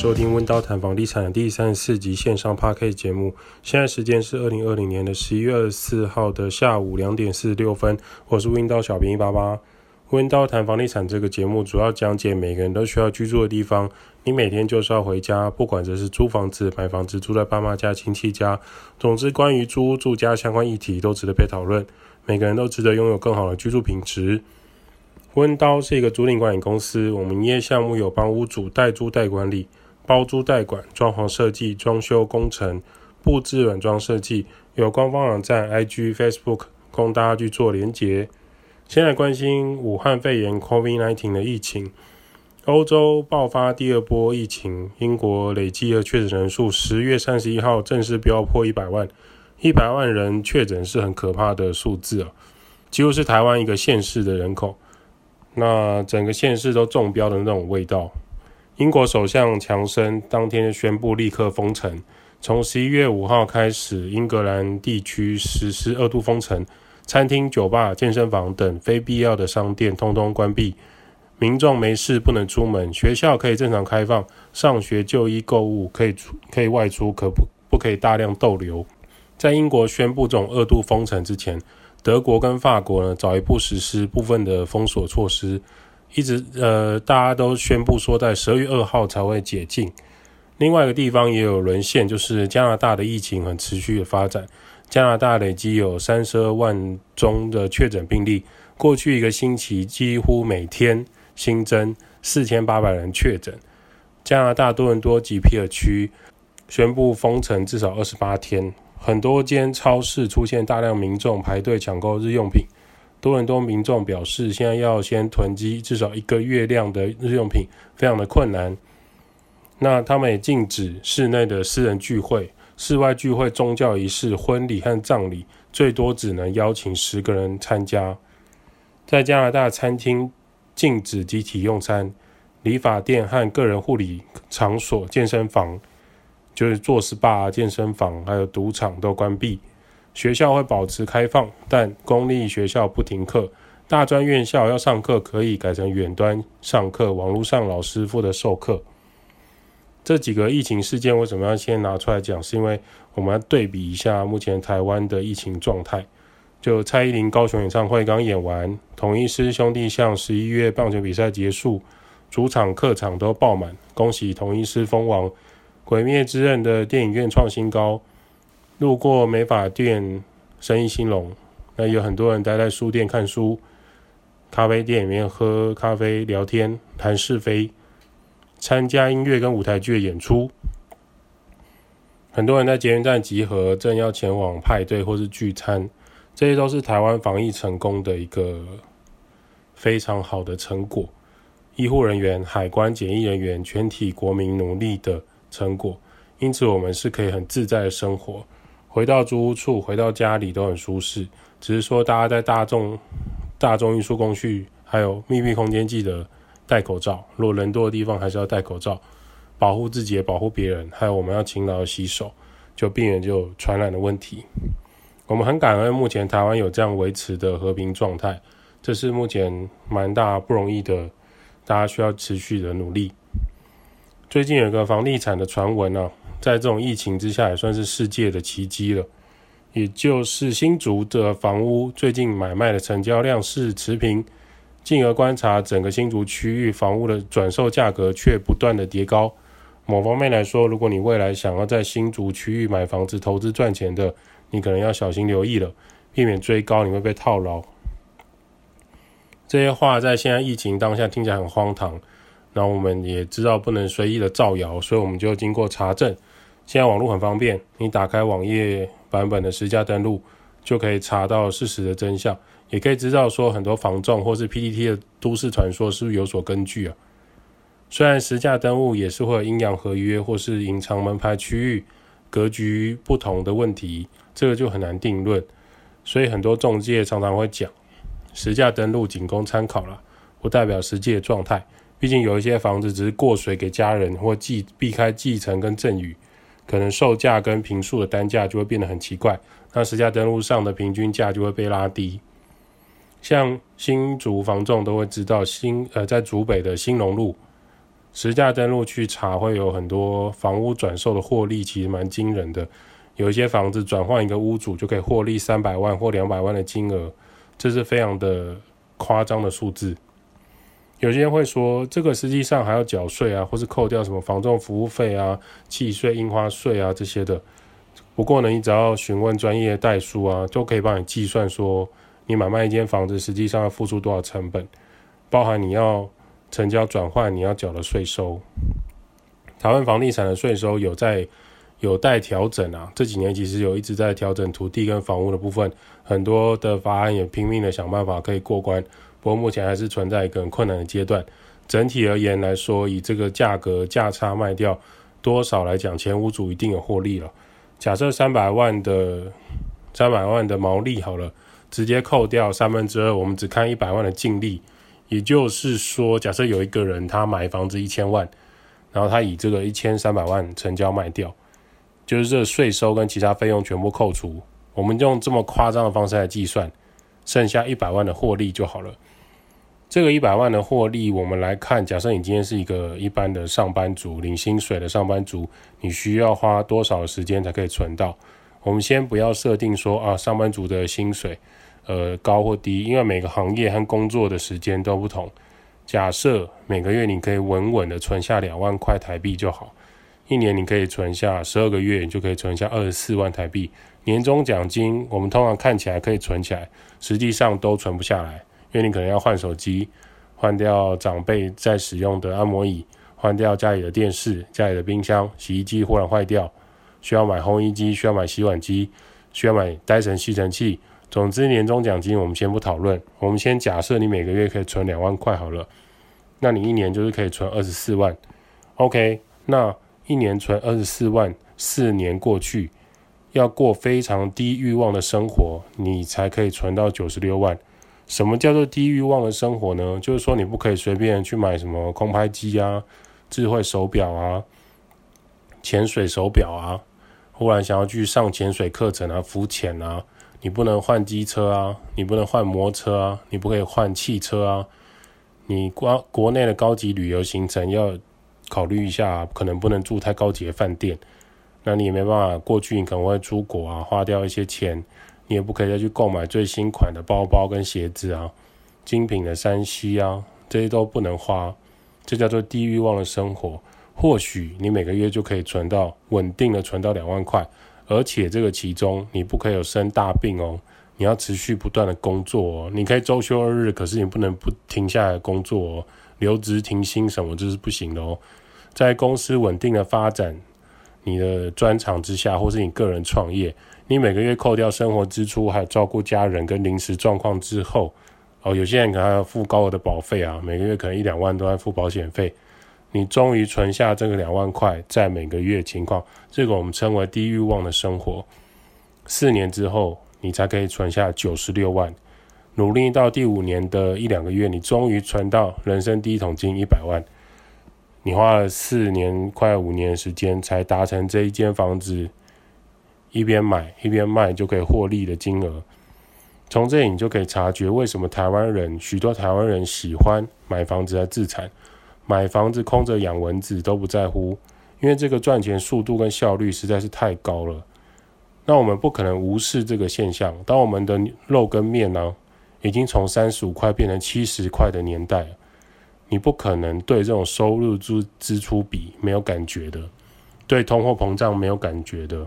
收聽溫叨談房地產第三十四集線上 PK 節目，現在時間是二零二零年的十一月二十四號的下午兩點四十六分，我是溫叨小兵一八八。溫叨談房地產這個節目主要講解每個人都需要居住的地方，你每天就是要回家，不管這是租房子、買房子、住在爸媽家、親戚家，總之關於租屋住家相關議題都值得被討論，每個人都值得擁有更好的居住品質。溫叨是一個租賃管理公司，我們營業項目有幫屋主代租代管理。包租代管、裝潢設計、裝修工程、佈置軟裝設計，有官方網站、IG、Facebook，供大家去做連接。現在關心武漢肺炎 （COVID-19） 的疫情，歐洲爆發第二波疫情，英國累計的確診人數十月三十一號正式飆破一百萬，一百萬人確診是很可怕的數字啊，幾乎是台灣一個縣市的人口，那整個縣市都中標的那種味道。英國首相強生當天宣布，立刻封城。從十一月五號開始，英格蘭地區實施二度封城，餐廳、酒吧、健身房等非必要的商店通通關閉。民眾沒事不能出門，學校可以正常開放，上學、就醫、購物可以出可以外出，可不不可以大量逗留？在英國宣布這種二度封城之前，德國跟法國呢，早一步實施部分的封鎖措施。一直呃，大家都宣布說在十二月二號才會解禁。另外一個地方也有淪陷，就是加拿大的疫情很持續的發展。加拿大累積有三十二萬宗的確診病例，過去一個星期幾乎每天新增四千八百人確診。加拿大多倫多及皮爾區宣布封城至少二十八天，很多間超市出現大量民眾排隊搶購日用品。多倫多民眾表示，現在要先囤積至少一個月量的日用品，非常的困難。那他們也禁止室內的私人聚會、室外聚會、宗教儀式、婚禮和葬禮，最多只能邀請十個人參加。在加拿大，餐廳禁止集體用餐，理髮店和個人護理場所、健身房，就是做 SPA 啊，健身房還有賭場都關閉。學校會保持開放，但公立學校不停課。大專院校要上課，可以改成遠端上課，網絡上老師負責授課。這幾個疫情事件為什麼要先拿出來講？是因為我們要對比一下目前台灣的疫情狀態。就蔡依林高雄演唱會剛演完，統一獅兄弟象十一月棒球比賽結束，主場客場都爆滿，恭喜統一獅封王。《鬼滅之刃》的電影院創新高。路過美髮店，生意興隆。那有很多人待在書店看書，咖啡店裡面喝咖啡、聊天、談是非，參加音樂跟舞台劇的演出。很多人在捷運站集合，正要前往派對或是聚餐。這些都是台灣防疫成功的一個非常好的成果，醫護人員、海關檢疫人員、全體國民努力的成果。因此，我們是可以很自在的生活。回到租屋處，回到家裡都很舒適，只是說大家在大眾、大眾運輸工具，還有密閉空間，記得戴口罩。如果人多的地方，還是要戴口罩，保護自己也保護別人。還有我們要勤勞的洗手，就避免就傳染的問題。我們很感恩目前台灣有這樣維持的和平狀態，這是目前蠻大不容易的，大家需要持續的努力。最近有個房地產的傳聞啊。在這種疫情之下，也算是世界的奇蹟了。也就是新竹的房屋最近買賣的成交量是持平，進而觀察整個新竹區域房屋的轉售價格卻不斷的疊高。某方面來說，如果你未來想要在新竹區域買房子投資賺錢的，你可能要小心留意了，避免追高你會被套牢。這些話在現在疫情當下聽起來很荒唐，然後我們也知道不能隨意的造謠，所以我們就經過查證。現在網絡很方便，你打開網頁版本的實價登錄，就可以查到事實的真相，也可以知道說很多房仲或是 PTT 的都市傳說是不是有所根據啊？雖然實價登錄也是會有陰陽合約或是隱藏門牌區域格局不同的問題，這個就很難定論。所以很多中介常常會講，實價登錄僅供參考了，不代表實際的狀態。畢竟有一些房子只是過水給家人或繼避開繼承跟贈與。可能售價跟平數的單價就會變得很奇怪，那實價登錄上的平均價就會被拉低。像新竹房仲都會知道，新呃在竹北的興隆路，實價登錄去查會有很多房屋轉售的獲利，其實蠻驚人的。有一些房子轉換一個屋主就可以獲利三百萬或兩百萬的金額，這是非常的誇張的數字。有些人會說，這個實際上還要繳稅啊，或是扣掉什麼房仲服務費啊、契稅、印花稅啊這些的。不過呢，你只要詢問專業代書啊，都可以幫你計算說，你買賣一間房子實際上要付出多少成本，包含你要成交轉換你要繳的稅收。台灣房地產的稅收有在有待調整啊，這幾年其實有一直在調整土地跟房屋的部分，很多的法案也拼命的想辦法可以過關。不過目前還是存在一個很困難的階段。整體而言來說，以這個價格價差賣掉多少來講，前屋主一定有獲利了。假設三百萬的三百萬的毛利好了，直接扣掉三分之二，我們只看一百萬的淨利。也就是說，假設有一個人他買房子一千萬，然後他以這個一千三百萬成交賣掉，就是這稅收跟其他費用全部扣除，我們用這麼誇張的方式來計算。剩下一百萬的獲利就好了。這個一百萬的獲利，我們來看，假設你今天是一個一般的上班族，領薪水的上班族，你需要花多少時間才可以存到？我們先不要設定說啊，上班族的薪水，呃，高或低，因為每個行業和工作的時間都不同。假設每個月你可以穩穩的存下兩萬塊台幣就好，一年你可以存下十二個月，你就可以存下二十四萬台幣。年終獎金，我們通常看起來可以存起來，實際上都存不下來，因為你可能要換手機，換掉長輩在使用的按摩椅，換掉家裡的電視、家裡的冰箱、洗衣機忽然壞掉，需要買烘衣機，需要買洗碗機，需要買戴森吸塵器。總之，年終獎金我們先不討論，我們先假設你每個月可以存兩萬塊好了，那你一年就是可以存二十四萬。OK，那一年存二十四萬，四年過去。要過非常低慾望的生活，你才可以存到九十六萬。什麼叫做低慾望的生活呢？就是說你不可以隨便去買什麼空拍機啊、智慧手表啊、潛水手表啊。忽然想要去上潛水課程啊、浮潛啊，你不能換機車啊，你不能換摩托車啊，你不可以換汽車啊。你國國內的高級旅遊行程要考慮一下，可能不能住太高級的飯店。那你也沒辦法，過去你可能會出國啊，花掉一些錢，你也不可以再去購買最新款的包包跟鞋子啊，精品的三 C 啊，這些都不能花。這叫做低慾望的生活。或許你每個月就可以存到穩定的存到兩萬塊，而且這個其中你不可以有生大病哦，你要持續不斷的工作哦，你可以周休二日，可是你不能不停下來工作哦，留職停薪什麼這是不行的哦。在公司穩定的發展。你的專長之下，或是你個人創業，你每個月扣掉生活支出，還有照顧家人跟臨時狀況之後，哦，有些人可能要付高額的保費啊，每個月可能一兩萬都要付保險費，你終於存下這個兩萬塊，在每個月情況，這個我們稱為低慾望的生活。四年之後，你才可以存下九十六萬，努力到第五年的一兩個月，你終於存到人生第一桶金一百萬。你花了四年快五年的時間才達成這一間房子一邊買一邊賣就可以獲利的金額，從這裡你就可以察覺為什麼台灣人，許多台灣人喜歡買房子來自產，買房子空着養蚊子都不在乎，因為這個賺錢速度跟效率實在是太高了。那我們不可能無視這個現象，當我們的肉跟麵呢、啊，已經從三十五塊變成七十塊的年代，你不可能對這種收入支支出比沒有感覺的，對通貨膨脹沒有感覺的，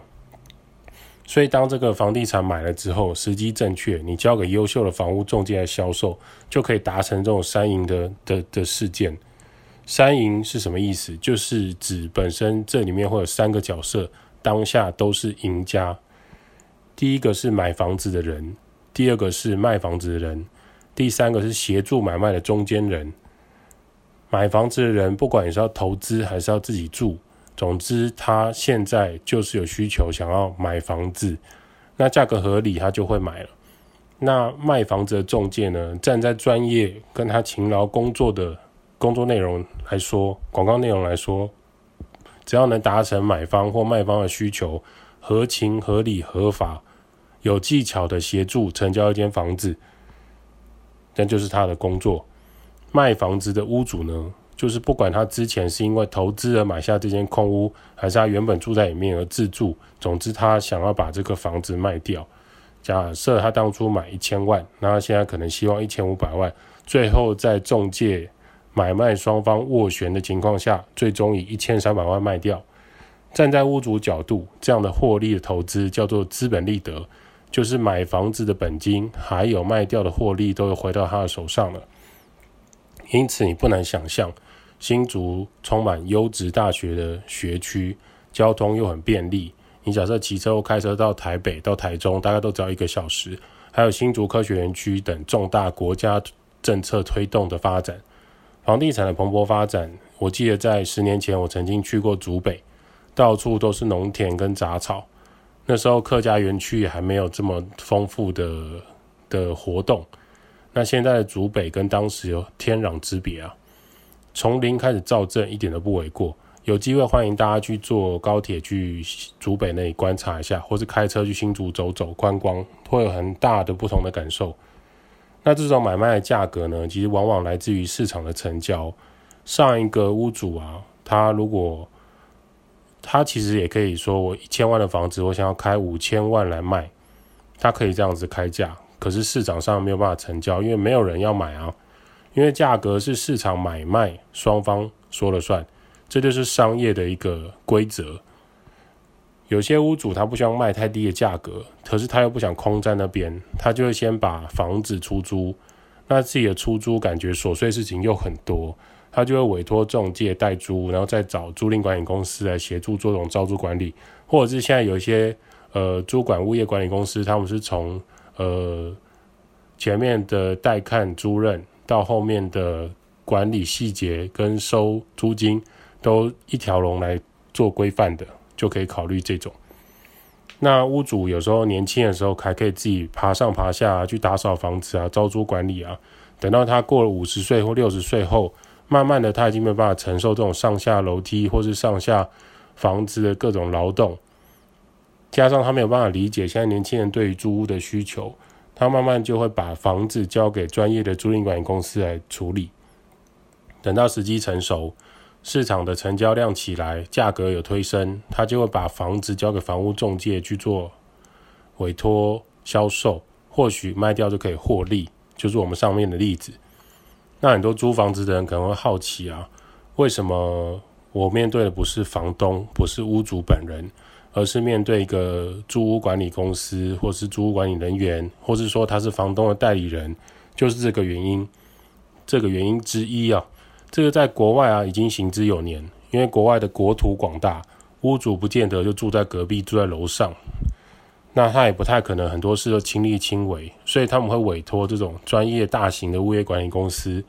所以當這個房地產買了之後，時機正確，你交給優秀的房屋中介來銷售，就可以達成這種三贏的的的事件。三贏是什麼意思？就是指本身這裡面會有三個角色，當下都是贏家。第一個是買房子的人，第二個是賣房子的人，第三個是協助買賣的中間人。買房子的人，不管你是要投資還是要自己住，總之他現在就是有需求想要買房子，那價格合理他就會買了。那賣房子的中介呢，站在專業跟他勤勞工作的工作內容來說，廣告內容來說，只要能達成買方或賣方的需求，合情合理合法，有技巧的協助成交一間房子，那就是他的工作。賣房子的屋主呢，就是不管他之前是因為投資而買下這間空屋，還是他原本住在裡面而自住，總之他想要把這個房子賣掉。假設他當初買一千萬，那他現在可能希望一千五百萬，最後在仲介買賣雙方斡旋的情況下，最終以一千三百萬賣掉。站在屋主角度，這樣的獲利的投資叫做資本利得，就是買房子的本金，還有賣掉的獲利都回到他的手上了。因此，你不難想象，新竹充滿優質大學的學區，交通又很便利。你假設騎車或開車到台北、到台中，大概都只要一個小時。還有新竹科學園區等重大國家政策推動的發展，房地產的蓬勃發展。我記得在十年前，我曾經去過竹北，到處都是農田跟雜草。那時候客家園區也還沒有這麼豐富的的活動。那現在的竹北跟當時有天壤之別啊，從零開始造鎮一點都不為過。有機會歡迎大家去坐高鐵，去竹北那裡觀察一下，或是開車去新竹走走觀光，會有很大的不同的感受。那這種買賣的價格呢，其實往往來自於市場的成交。上一個屋主啊，他如果他其實也可以說，我一千萬的房子，我想要開五千萬來賣，他可以這樣子開價。可是市場上沒有辦法成交，因為沒有人要買啊。因為價格是市場買賣雙方說了算，這就是商業的一個規則。有些屋主他不希望賣太低的價格，可是他又不想空在那邊，他就會先把房子出租。那自己的出租感覺瑣碎事情又很多，他就會委託中介代租，然後再找租賃管理公司來協助做這種招租管理，或者是現在有一些呃，租管物業管理公司，他們是從呃，前面的帶看租、租賃到後面的管理細節跟收租金，都一條龍來做規範的，就可以考慮這種。那屋主有時候年輕的時候還可以自己爬上爬下、啊、去打掃房子啊、招租管理啊，等到他過了五十歲或六十歲後，慢慢的他已經沒有辦法承受這種上下樓梯或是上下房子的各種勞動。加上他沒有辦法理解現在年輕人對於租屋的需求，他慢慢就會把房子交給專業的租賃管理公司來處理。等到時機成熟，市場的成交量起來，價格有推升，他就會把房子交給房屋中介去做委託銷售，或許賣掉就可以獲利，就是我們上面的例子。那很多租房子的人可能會好奇啊，為什麼我面對的不是房東，不是屋主本人？而是面對一個租屋管理公司，或是租屋管理人員，或是說他是房東的代理人，就是這個原因，這個原因之一啊，這個在國外啊已經行之有年，因為國外的國土廣大，屋主不見得就住在隔壁，住在樓上，那他也不太可能很多事都親力親為，所以他們會委託這種專業大型的物業管理公司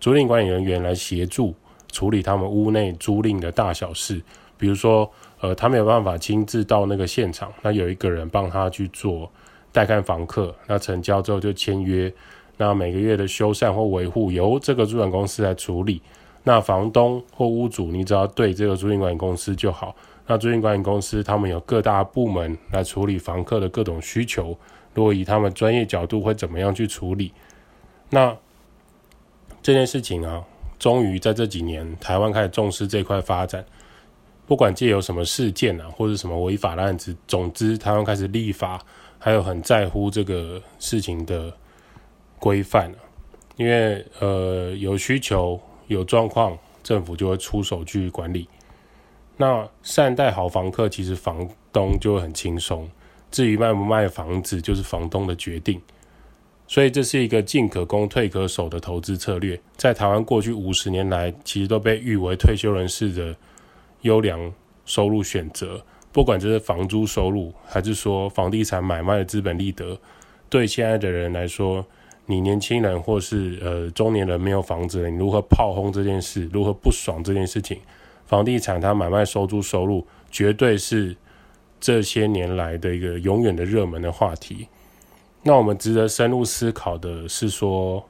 租賃管理人員來協助處理他們屋內租賃的大小事，比如說。呃，他沒有辦法親自到那個現場，那有一個人幫他去做帶看房客，那成交之後就簽約，那每個月的修繕或維護由這個租賃公司來處理，那房東或屋主你只要對這個租賃管理公司就好，那租賃管理公司他們有各大部門來處理房客的各種需求，如果以他們專業角度會怎麼樣去處理？那這件事情啊，終於在這幾年台灣開始重視這塊發展。不管借由什麼事件啊，或者什麼違法的案子，總之台灣開始立法，還有很在乎這個事情的規範啊。因為呃有需求有狀況，政府就會出手去管理。那善待好房客，其實房東就會很輕鬆。至於賣不賣房子，就是房東的決定。所以這是一個進可攻退可守的投資策略，在台灣過去五十年來，其實都被譽為退休人士的。優良收入選擇，不管這是房租收入，還是說房地產買賣的資本利得，對現在的人來說，你年輕人或是呃中年人沒有房子，你如何炮轟這件事，如何不爽這件事情？房地產它買賣、收租收入，絕對是這些年來的一個永遠的熱門的話題。那我們值得深入思考的是說，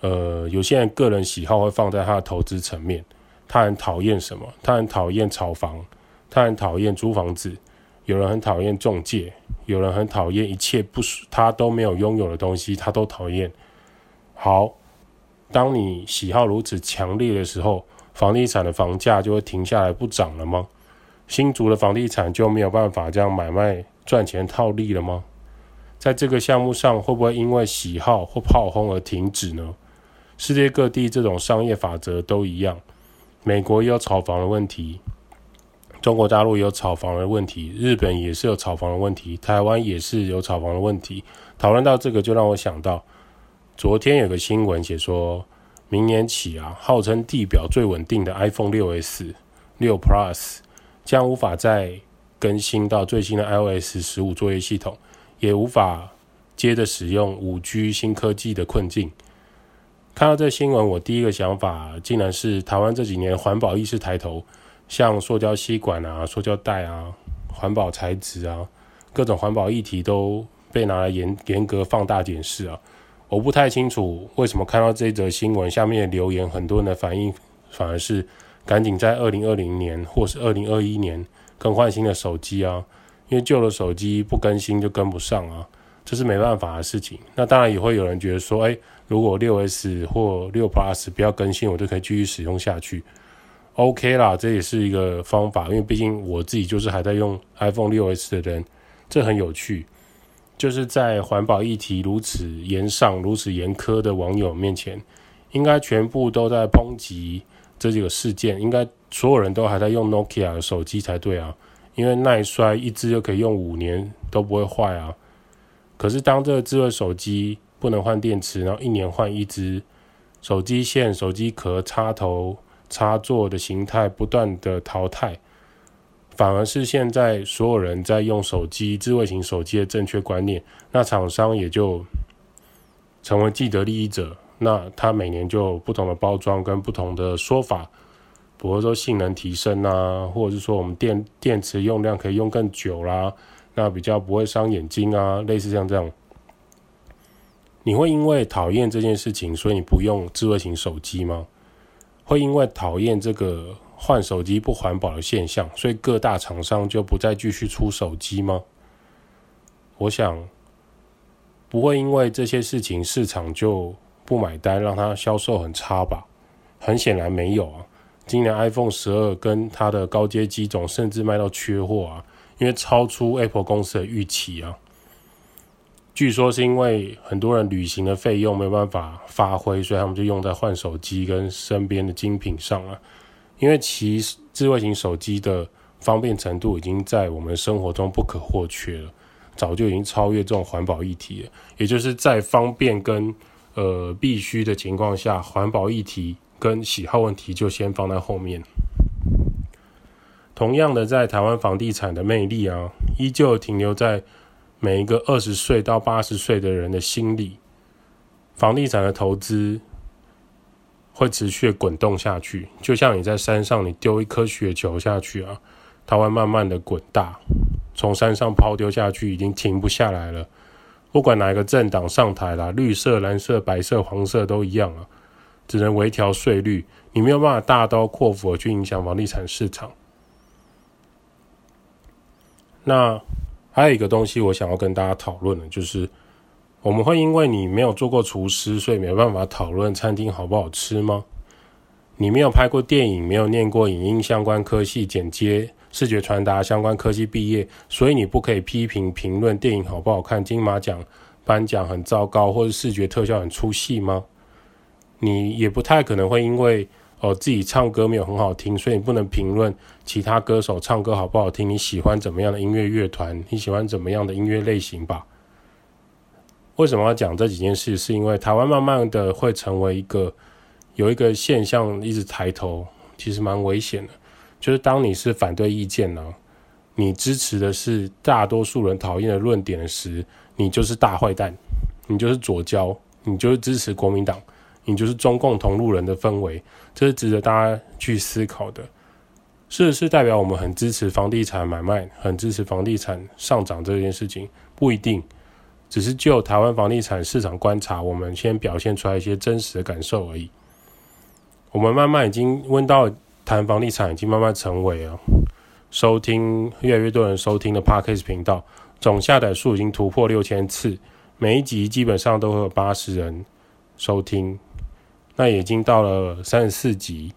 呃，有些人個人喜好會放在他的投資層面。他很討厭什麼？他很討厭炒房，他很討厭租房子。有人很討厭仲介，有人很討厭一切不他都沒有擁有的東西，他都討厭。好，當你喜好如此強烈的時候，房地產的房價就會停下來不漲了嗎？新竹的房地產就沒有辦法這樣買賣賺錢套利了嗎？在這個項目上，會不會因為喜好或炮轟而停止呢？世界各地這種商業法則都一樣。美國也有炒房的問題，中國大陸也有炒房的問題，日本也是有炒房的問題，台灣也是有炒房的問題。討論到這個，就讓我想到昨天有個新聞寫說，明年起啊，號稱地表最穩定的 iPhone 六 S、六 Plus 將無法再更新到最新的 iOS 十五作業系統，也無法接着使用五 G 新科技的困境。看到這新聞，我第一個想法竟然是台灣這幾年環保意識抬頭，像塑膠吸管啊、塑膠袋啊、環保材質啊，各種環保議題都被拿來嚴嚴格放大檢視啊。我不太清楚為什麼看到這則新聞下面的留言，很多人的反應反而是趕緊在二零二零年或是二零二一年更換新的手機啊，因為舊的手機不更新就跟不上啊，這是沒辦法的事情。那當然也會有人覺得說，哎、欸。如果六 S 或六 Plus 不要更新，我就可以繼續使用下去，OK 啦，這也是一個方法。因為畢竟我自己就是還在用 iPhone 六 S 的人，這很有趣。就是在環保議題如此嚴上、如此嚴苛的網友面前，應該全部都在抨擊這幾個事件。應該所有人都還在用 Nokia 的手機才對啊，因為耐摔，一支就可以用五年都不會壞啊。可是當這個智慧手機，不能換電池，然後一年換一隻手機線、手機殼、插頭、插座的形態不斷的淘汰，反而是現在所有人在用手機、智慧型手機的正確觀念，那廠商也就成為既得利益者。那他每年就有不同的包裝跟不同的說法，比如說性能提升啊，或者是說我們電電池用量可以用更久啦，啊，那比較不會傷眼睛啊，類似像這樣。你會因為討厭這件事情，所以你不用智慧型手機嗎？會因為討厭這個換手機不環保的現象，所以各大廠商就不再繼續出手機嗎？我想，不會因為這些事情市場就不買單，讓它銷售很差吧？很顯然沒有啊，今年 iPhone 十二跟它的高階機種甚至賣到缺貨啊，因為超出 Apple 公司的預期啊。據說是因為很多人旅行的費用沒有辦法發揮，所以他們就用在換手機跟身邊的精品上了啊。因為其智慧型手機的方便程度已經在我們生活中不可或缺了，早就已經超越這種環保議題了。也就是在方便跟呃必須的情況下，環保議題跟喜好問題就先放在後面。同樣的，在台灣房地產的魅力啊，依舊停留在。每一個二十歲到八十歲的人的心理，房地產的投資會持續滾動下去。就像你在山上，你丟一顆雪球下去啊，它會慢慢的滾大，從山上拋丟下去，已經停不下來了。不管哪個政黨上台啦，啊，綠色、藍色、白色、黃色都一樣啊，只能微調稅率，你沒有辦法大刀闊斧去影響房地產市場。那。還有一個東西我想要跟大家討論的，就是我們會因為你沒有做過廚師，所以沒辦法討論餐廳好不好吃嗎？你沒有拍過電影，沒有念過影音相關科系，剪接、視覺傳達相關科系畢業，所以你不可以批評評論電影好不好看，金馬獎頒獎很糟糕，或是視覺特效很出戲嗎？你也不太可能會因為。我自己唱歌沒有很好聽，所以你不能評論其他歌手唱歌好不好聽。你喜歡怎麼樣的音樂樂團？你喜歡怎麼樣的音樂類型吧？為什麼要講這幾件事？是因為台灣慢慢的會成為一個有一個現象一直抬頭，其實蠻危險的。就是當你是反對意見呢、啊，你支持的是大多數人討厭的論點時，你就是大壞蛋，你就是左膠，你就是支持國民黨。也就是中共同路人的氛圍，這是值得大家去思考的。是是代表我們很支持房地產買賣，很支持房地產上漲這件事情，不一定。只是就台灣房地產市場觀察，我們先表現出來一些真實的感受而已。我們慢慢已經溫叨談房地產，已經慢慢成為了收聽越來越多人收聽的 Podcast 頻道，總下載數已經突破六千次，每一集基本上都會有八十人收聽。那也已經到了三十四集。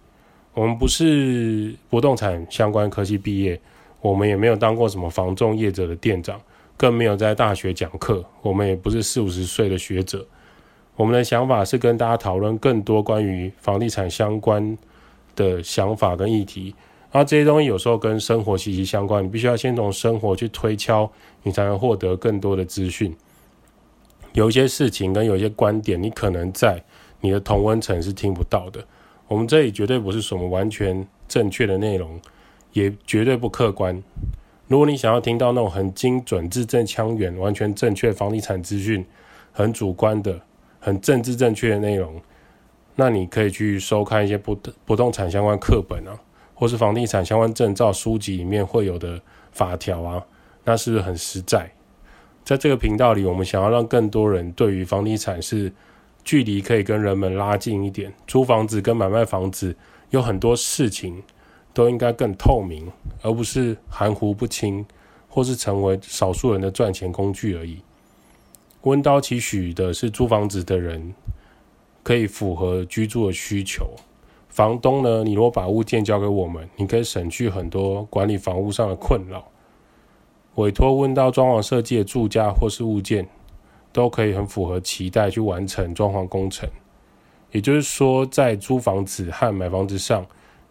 我們不是不動產相關科系畢業，我們也沒有當過什麼房仲業者的店長，更沒有在大學講課。我們也不是四五十歲的學者。我們的想法是跟大家討論更多關於房地產相關的想法跟議題。而這些東西有時候跟生活息息相關，你必須要先從生活去推敲，你才能獲得更多的資訊。有一些事情跟有一些觀點，你可能在。你的同溫層是聽不到的。我們這裡絕對不是什麼完全正確的內容，也絕對不客觀。如果你想要聽到那種很精準、字正腔圓、完全正確房地產資訊，很主觀的、很政治正確的內容，那你可以去收看一些不不動產相關課本啊，或是房地產相關證照書籍裡面會有的法條啊，那是不是很實在？在這個頻道裡，我們想要讓更多人對於房地產是。距離可以跟人們拉近一點，租房子跟買賣房子有很多事情都應該更透明，而不是含糊不清，或是成為少數人的賺錢工具而已。溫叨期許的是租房子的人可以符合居住的需求，房東呢，你如果把物件交給我們，你可以省去很多管理房屋上的困擾，委托溫叨裝潢設計的住家或是物件，都可以很符合期待去完成裝潢工程，也就是說，在租房子和買房子上，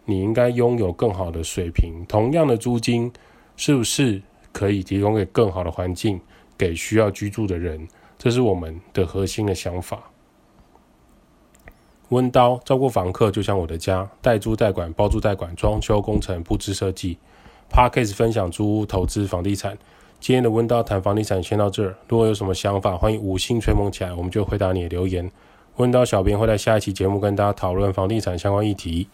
你應該擁有更好的水平。同樣的租金，是不是可以提供給更好的環境，給需要居住的人？這是我們的核心的想法。溫叨照顧房客就像我的家，代租代管，包租代管，裝修工程、佈置設計。Podcast 分享租屋投資房地產。今天的溫叨談房地產先到這兒。如果有什麼想法，歡迎五星吹捧起來，我們就回答你的留言。溫叨小編會在下一期節目跟大家討論房地產相關議題。